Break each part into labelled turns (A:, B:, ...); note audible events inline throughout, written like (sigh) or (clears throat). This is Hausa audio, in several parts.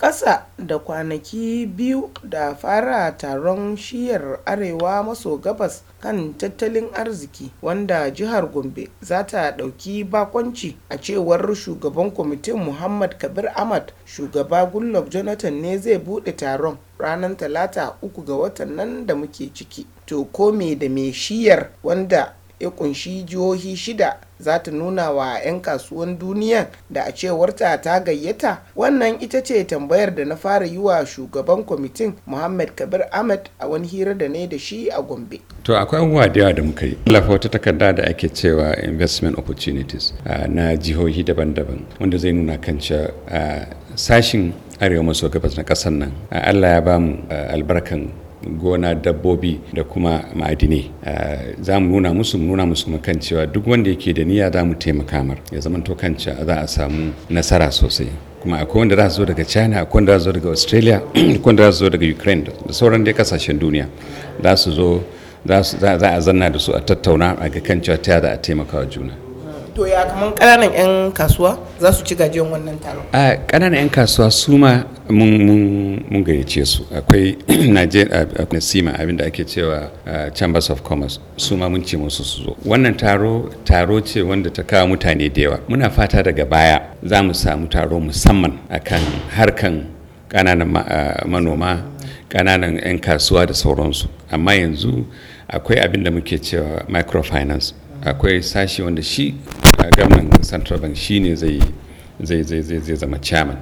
A: Ƙasa da kwanaki biyu da fara taron Shiyar Arewa maso Gabas kan tattalin arziki, wanda jihar Gombe za ta ɗauki bakonci, a cewar shugaban kwamitin Muhammad Kabir Ahmad, shugaba Goodluck Jonathan ne zai buɗe taron ranar Talata, uku ga watan nan da muke ciki. To kome da mai shiyar, wanda ya kunshi jihohi shida za ta nuna wa 'yan kasuwan duniya da a cewarta ta gayyata wannan ita ce tambayar da na fara yi wa shugaban kwamitin muhammad kabir ahmed a wani hira da ne da shi a gombe
B: to akwai abubuwa da yawa da muka yi lafa wata takarda da ake cewa investment opportunities na jihohi daban-daban wanda zai nuna kan sashen sashin arewa maso gabas na kasar nan allah ya bamu albarkan gona dabbobi da kuma ma'adinai za mu nuna musu mu nuna musu kan cewa duk wanda yake da niyya za mu taimaka mar ya zama to kan cewa za a samu nasara sosai kuma akwai wanda za zo daga china akwai wanda za zo daga australia (clears throat) akwai wanda za zo daga ukraine da sauran dai kasashen duniya za su zo za a zanna da su a tattauna a ga kan cewa ta za a taimaka wa juna
A: to ya kaman ƙananan 'yan kasuwa za su ci gajiyar wannan taron
B: a ƙananan 'yan kasuwa su ma mun gayyace su akwai (clears throat) najeriya sima abinda ake cewa chambers of commerce su ma mun ce musu su zo wannan taro taro ce wanda ta kawo mutane da yawa muna fata daga baya za mu samu taro musamman akan harkan ƙananan manoma ƙananan 'yan kasuwa da sauransu amma yanzu akwai abin da muke cewa microfinance akwai sashi wanda shi gwamnan central bank shine zai zai zai zai zai zama chairman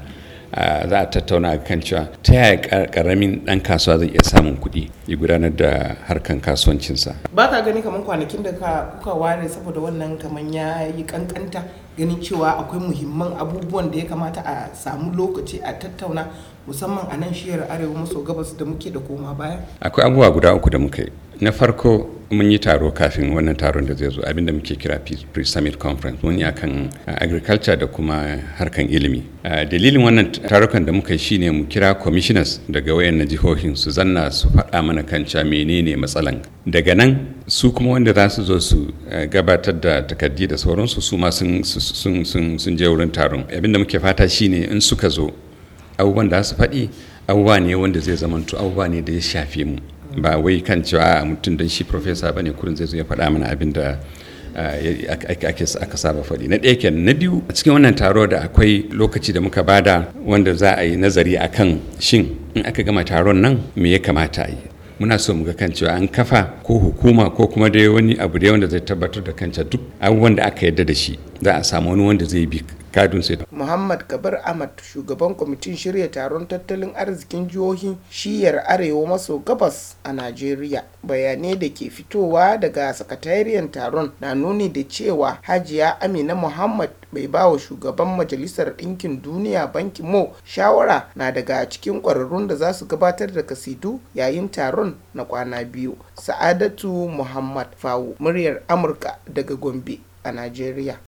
B: ah, za a tattauna kan cewa ta yaya karamin dan kasuwa zai iya samun kuɗi ya gudanar da harkan kasuwancinsa
A: ba ka gani kamar kwanakin da kuka ware saboda wannan kamar ya yi kankanta ganin cewa akwai muhimman abubuwan da ya kamata a samu lokaci a tattauna musamman a nan shiyar arewa maso gabas da muke da koma baya
B: akwai abubuwa guda uku da muka yi na farko mun yi taro kafin wannan taron da zai zo abinda muke kira pre-summit conference mun yi akan agriculture da kuma harkan ilimi dalilin wannan tarukan da muka yi shine mu kira commissioners daga wayannan jihohin su zanna su faɗa mana kanca menene matsalan daga nan su kuma wanda za su zo su gabatar da takardi da sauransu su ma sun je wurin taron abinda muke fata shine in suka zo abubuwan da su faɗi abubuwa ne wanda zai zamanto abubuwa ne da ya shafe mu ba wai kan cewa mutum don shi profesa ne kurin zai zo ya faɗa mana abin da aka saba faɗi na ɗaya kenan na biyu a cikin wannan taro da akwai lokaci da muka bada wanda za a yi nazari akan shin in aka gama taron nan me ya kamata a yi muna so mu ga kan cewa an kafa ko hukuma ko kuma dai wani abu dai wanda zai tabbatar da kanca duk abubuwan da aka yarda da shi za a samu wani wanda zai bi kadun sai
A: Muhammad kabir Ahmad shugaban kwamitin shirya taron tattalin arzikin jihohin shiyar arewa maso gabas a Najeriya bayanai da ke fitowa daga sakatariyar taron na nuni da cewa Hajiya Amina Muhammad bai ba wa shugaban majalisar ɗinkin duniya banki mo shawara na daga cikin ƙwararrun da za su gabatar da kasidu yayin taron na kwana biyu sa'adatu muhammad fawo muryar amurka daga gombe a najeriya